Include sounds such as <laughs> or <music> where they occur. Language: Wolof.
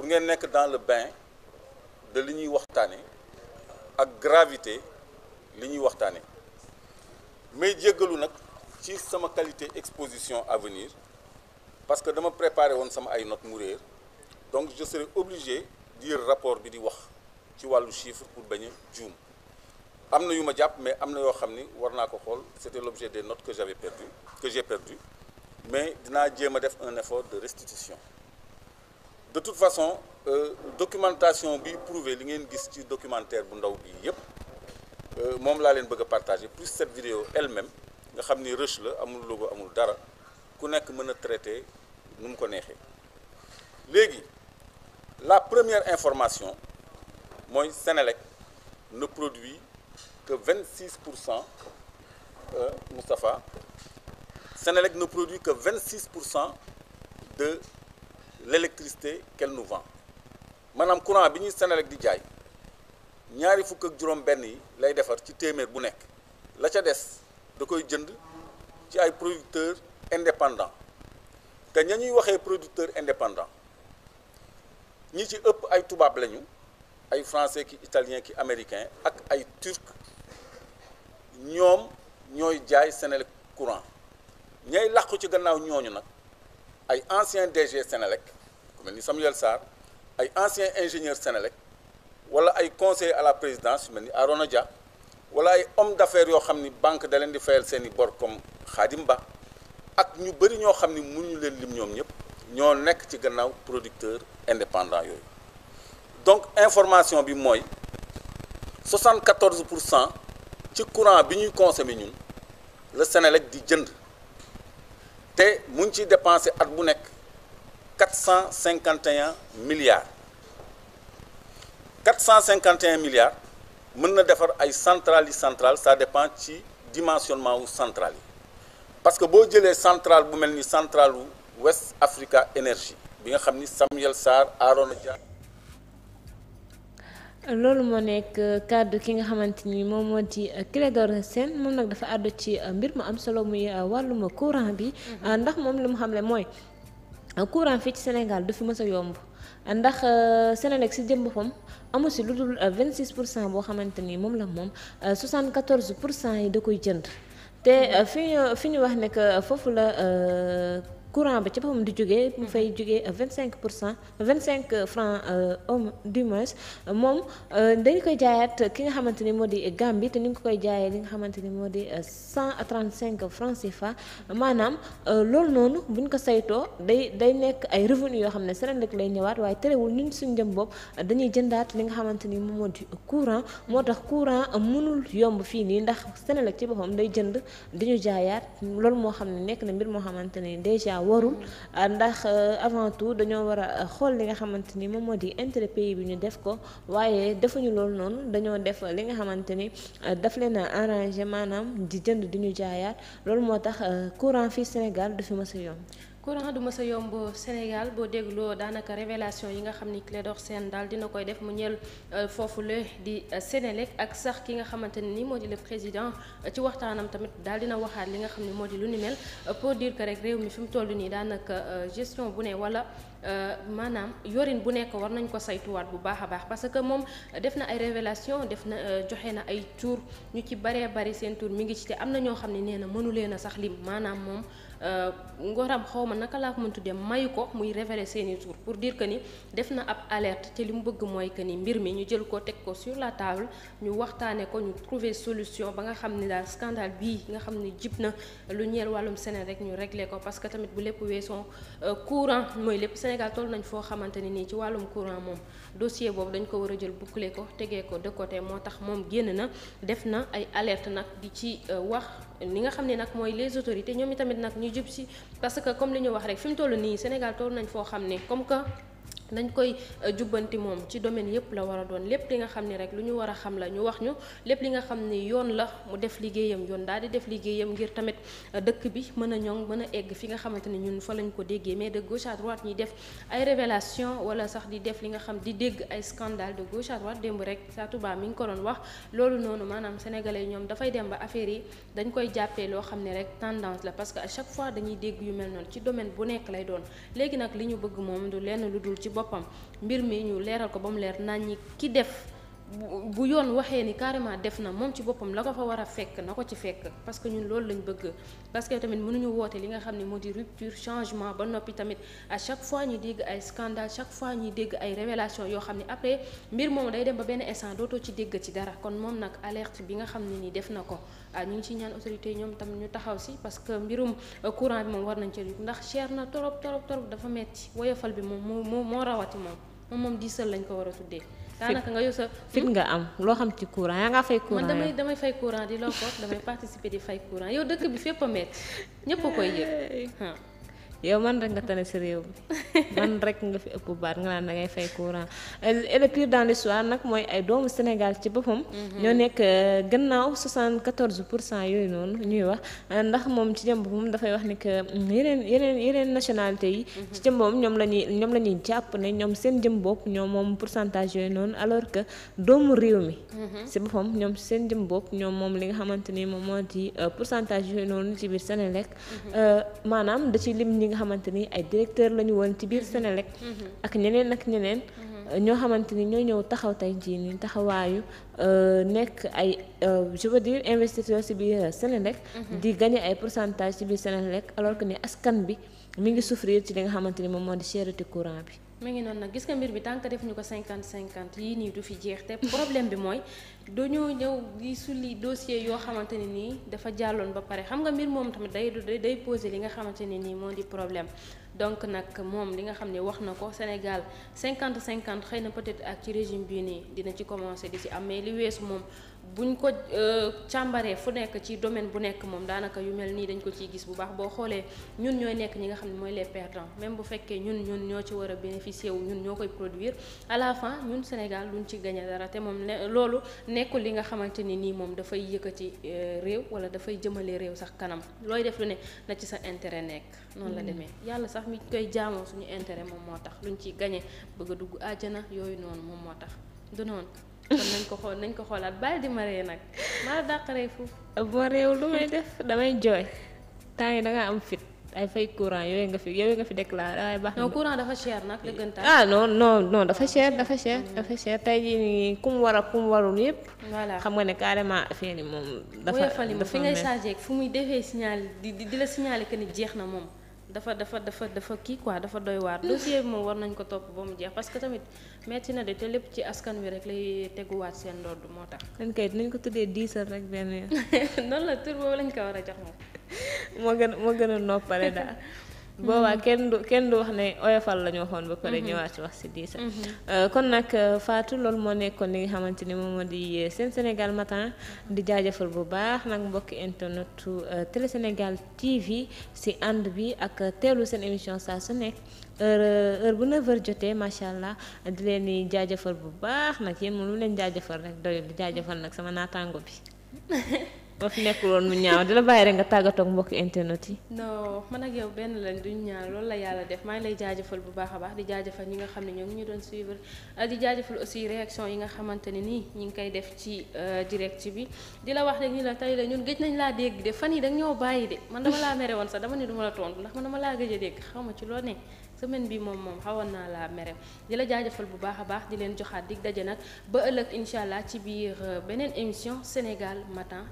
pour ngeen nekk dans le bain de li ñuy waxtaane ak gravité li ñuy waxtaane may jéggalu nag ci sama qualité exposition à venir parce que dama préparé woon sama ay notes mu réer donc je serai obligé dire rapport bi di wax ci wàllu chiffre pour bañ a juum am na yu ma jàpp mais am na yoo xam ni war naa ko xool c'était l'objet des note que j'avais j'ai perdu mais dinaa jéem a def un effort de restitution de toute façon euh, documentation bi prouvé li ngeen gis ci documentaire bu ndaw bii yëpp euh, moom laa leen bëgg a partager plus cette vidéo elle-même nga xam ni rush la amul logo amul dara ku nekk mën a traité nu mu ko neexee léegi la première information mooy Sénélec ne produit que 26 pour cent euh, Moustapha Sénélec ne produit que 26 pour cent de. l'électricité qu'elle nous vend maanaam courant bi ñuy Senelec di jaay ñaari fukk ak juróom-benn yi lay defar ci téeméer bu nekk la ca des da koy jënd ci ay producteurs indépendants te ña ñuy waxee producteurs indépendants ñi ci ëpp ay tubaab lañu ay français ki italien ki américain ak ay turc ñoom ñooy jaay Senelec courant ñay làqu ci gannaaw ñooñu nag. ay ancien DG Sénélec ku mel ni Samuel Sarr ay ancien ingénieur Sénélec wala ay conseiller à la présidence yu mel ni Arona Dia wala ay homme d'affaires yoo xam ni banque da di fayal seeni i bor comme Khadim Ba ak ñu bëri ñoo xam ni mënuñu leen lim ñoom ñëpp ñoo nekk ci gannaaw producteur indépendant yooyu donc information bi mooy 74 pour cent ci courant bi ñuy consommer ñun la Sénélec di jënd te mu ngi ciy dépensé at bu nekk quatre cent cinquante et un milliards cent cinquante et un mën na defar ay centrales yi centrales ça dépend ci dimensionnement wu centrale yi parce que boo jëlee centrale bu mel ni centrale wu West Africa Energy bi nga xam ni Samuel Sarr Aaron Dia loolu moo nekk kàddu ki nga xamante ni moom moo di euh, Clédor Sène moom nag dafa àddu ci euh, mbir mu am solo muy euh, wàlluma courant bi mm-hmm. ndax moom li mu xamle mooy courant fii ci Sénégal du fi mës a yomb ndax Sénélec si jëm boppam amu si lu dul 26 pour cent boo xamante ni moom la moom 74 pour cent yi da koy jënd te mm-hmm. fi ñu fi ñu wax ne foofu la. courant ba ci boppam di jógee mu fay jógee vingt cinq pour cent vingt cinq francs euh, homme du moins moom euh, dañ koy jaayaat ki nga xamante ni moo di Gambie te ñu ngi koy jaayee li nga xamante ni moo di euh, cent trente cinq francs CFA maanaam loolu noonu buñ ko saytoo day day nekk ay revenu yoo xam ne seneen rek lay ñëwaat waaye terewul ñun suñ jëm bopp dañuy jëndaat li nga xamante ni moom moo di courant moo tax courant mënul yomb fii nii ndax Senelec ci boppam day jënd di ñu jaayaat loolu moo xam ne nekk na mbir moo xamante ni déjà warul ndax euh, avant tout dañoo war a xool li nga xamante ni moom moo di intérêt pays bi ñu def ko waaye defuñu loolu noonu dañoo def li nga xamante ni euh, daf leen a arrangé maanaam di jënd di ñu jaayaat loolu moo tax euh, courant fii Sénégal du fi yoon courant du mësa yomb Sénégal boo dégloo daanaka révélation yi nga xam ni Clédor Sène daal dina koy def mu ñel euh, foofu la di euh, Sénélec ak sax ki nga xamante ne ni moo di le président euh, ci waxtaanam tamit daal dina waxaat li nga xam ni moo di lu ni mel pour dire que rek réew mi fi mu toll nii daanaka gestion bu ne wala maanaam yorin bu nekk war nañ ko saytuwaat bu baax a baax parce que moom def na ay révélation def na joxe na ay tur ñu ci baree bari seen tur mi ngi ci am na ñoo xam ne nee na mënu leen a sax lim maanaam moom xawma naka laa ko mën tuddee mayu ko muy révéler seeni tur pour diir que ni def na ab alerte te li mu bëgg mooy que ni mbir mi ñu jël ko teg ko sur la table ñu waxtaanee ko ñu trouver solution ba nga xam ni daal scandale bii nga xam ni jib na lu ñeel wàllum Sénégal rek ñu régler ko parce que tamit bu lépp weesoo euh, courant mooy lépp Sénégal toll nañ foo xamante ni nii ci wàllum courant moom dossier boobu dañ ko war a jël boucler ko tegee ko de côté moo tax moom génn na def na ay alerte nag di ci euh, wax li nga xam ne nag mooy les autorités ñoom itamit nag ñu jub si parce que comme li ñu wax rek fi mu toll nii Sénégal toll nañ foo xam ne comme que nañ koy euh, jubbanti moom ci domaine yëpp la war a doon lépp li nga xam ni rek lu ñu war a xam la ñu wax ñu lépp li nga xam ni yoon la mu def liggéeyam yoon daal di def liggéeyam ngir tamit euh, dëkk bi mën a ñoŋ mën a egg fi nga xamante ni ñun fa lañ ko déggee mais de gauche à droite ñuy def ay révélation wala sax di def li nga xam di dégg ay scandale de gauche à droite démb rek saa Touba mi ngi ko doon wax loolu noonu maanaam sénégalais ñoom dafay dem ba affaire yi dañ koy jàppee loo xam ne rek tendance la parce que chaque fois dañuy dégg yu mel noonu ci domaine bu nekk lay doon léegi nag boppam mbir mi ñu leeral ko ba mu leer nañu ñi ki def bu yoon waxee ni carrément def na moom ci boppam la ko fa war a fekk na ko ci fekk parce que ñun loolu lañ bëgg parce que tamit mënuñu woote li nga xam ne moo di rupture changement ba noppi tamit chaque fois ñuy dégg ay scandale chaque fois ñuy dégg ay révélation yoo xam ne après mbir moom day dem ba benn instant dootoo ci dégg ci dara kon moom nag alerte bi nga xam ne nii def na ko ah ñu ngi ciy ñaan autorité ñoom tamit ñu taxaw si parce que mbirum euh, courant bi moom war nañ ci ndax cher na torop torop dafa metti woyofal bi moom moo moo rawati moom moom moom diisal lañ ko war a daanaka nga yow sa fit nga am loo xam ci courant yaa nga fay courant man damay damay fay courant di loo ko damay participer di fay courant yow dëkk bi fépp a métti ñëpp koy yëg yow man rek nga tane si réew bi man rek nga fi ëpp baat nga naan da fay courant et le pire dans l'histoire nag mooy ay doomu Sénégal ci boppam. Mhm. ñoo nekk euh, gannaaw 74 pour cent yooyu noonu ñuy wax euh, ndax moom ci jëm dafay wax ni que mm, yeneen yeneen yeneen nationalité yi. Mhm. ci jëm ñoom la ñuy ñoom la ñuy jàpp ne ñoom seen jëm bopp ñoom moom pourcentage yooyu noonu alors que doomu réew mi. si mhm. boppam seen jëm ñoom moom li nga xamante ni moom moo di euh, pourcentage yooyu noonu ci biir Sénélec maanaam da lim ñi nga xamante ni ay directeur lañu woon ci biir Sénélec mm-hmm. ak ñeneen ak ñeneen mm-hmm. ñoo xamante ni ñooy ñëw taxaw tey jii nii taxawaayu euh, nekk ay euh, je veux dire investisseur ci biir Sénélec mm-hmm. di gagner ay pourcentage ci biir Sénélec alors que ni askan bi mi ngi souffrir ci li nga xamante ni moom moo di cherté courant bi mi ngi noonu nag gis nga mbir bi tant que ko cinquante cinquante yii nii du fi jeex te problème bi mooy dañoo ñëw di sulli dossier yoo xamante ne nii dafa jàlloon ba pare xam nga mbir moom tamit day day poser li nga xamante ne nii moo di problème donc nag moom li nga xam ne wax na ko Sénégal cinquante cinquante xëy na peut-être ak ci régime bii nii dina ci commencer di ci am mais li weesu moom. buñ ko euh, càmbaree fu nekk ci domaine bu nekk moom daanaka yu mel nii dañ ko ciy gis bu baax boo xoolee ñun ñooy nekk ñi nga xam ne mooy les perdants même bu fekkee ñun ñun ñoo ci war a bénéficier wu ñun ñoo koy produire à la fin ñun Sénégal luñ ci gagné dara te moom ne loolu nekkul li nga xamante ni nii moom dafay yëkkati euh, réew wala dafay jëmale réew sax kanam looy def lu ne na ci sa intérêt nekk. noonu la mm. demee yàlla sax mi koy jaamoo suñu intérêt moom moo tax luñ ciy gagné bëgg a dugg àjjana yooyu noonu moom moo tax kon nañ ko xool nañ ko xoolaat bàyyi di ma ree nag maa dàq rey foofu. boo réew lu may def damay jooy temps yi da nga am fit ay fay courant yooyu nga fi yooyu nga fi déclaré waaye baax na. courant dafa cher nag dëggantaan. ah non non non dafa cher dafa cher dafa cher tey jii nii ku mu war a ku mu warul yëpp. voilà xam nga ne carrément affaire yi moom. dafa dafa fi ngay chargé fu muy defee signal di di la signalé que ni jeex na moom. dafa dafa dafa dafa kii quoi dafa doy waar dossier bi moom war nañ ko topp ba mu jeex parce que tamit metti na de te lépp ci askan wi rek lay teguwaat seen ndodd moo tax. dañ kayit nañ ko tuddee diisal rek benn yoon. <laughs> noonu la tur boobu lañ ko war a jox moom. <laughs> moo gën moo gën a noppale daal. <laughs> boobaa mhm. kenn du kenn du wax ne oyofal la ñu waxoon ba pare mhm. ñëwaat ci wax si diisa mhm. euh, kon nag euh, Fatou loolu moo nekkoon li nga xamante ni moom moo di euh, seen Sénégal matin di jaajëfal bu baax nag mbokki internetu Télé Sénégal TV si ànd bi ak teelu seen émission saa su nekk bu 9 jotee macha allah di leen di jaajëfal bu baax nag yéen moom lu leen jaajëfal rek doyul di jaajëfal nag sama naataango bi. <laughs> ba fi nekk woon mu ñaaw di la bàyyi rek nga tàggatoo ak mbokki internet yi. non man ak yow benn lañ duñ ñaaw loolu la yàlla def maa ngi lay jaajëfal bu baax a baax di jaajëfal ñi nga xam ne ñoom ñu doon suivre ah, di jaajëfal aussi réaction yi nga xamante ne nii ñi ngi koy def ci euh, direct bi di la wax rek ñu la tey la ñun gëj nañ laa dégg de fan yi da nga ñoo bàyyi de man dama laa mere woon sax dama ne du ma la tontu ndax man dama laa gëj a dégg xaw ma ci loo ne semaine bi moom moom xawoon naa la mere di la jaajëfal bu baax a baax di joxaat dig daje nag ba ëllëg incha allah ci biir euh, beneen émission Sénégal matin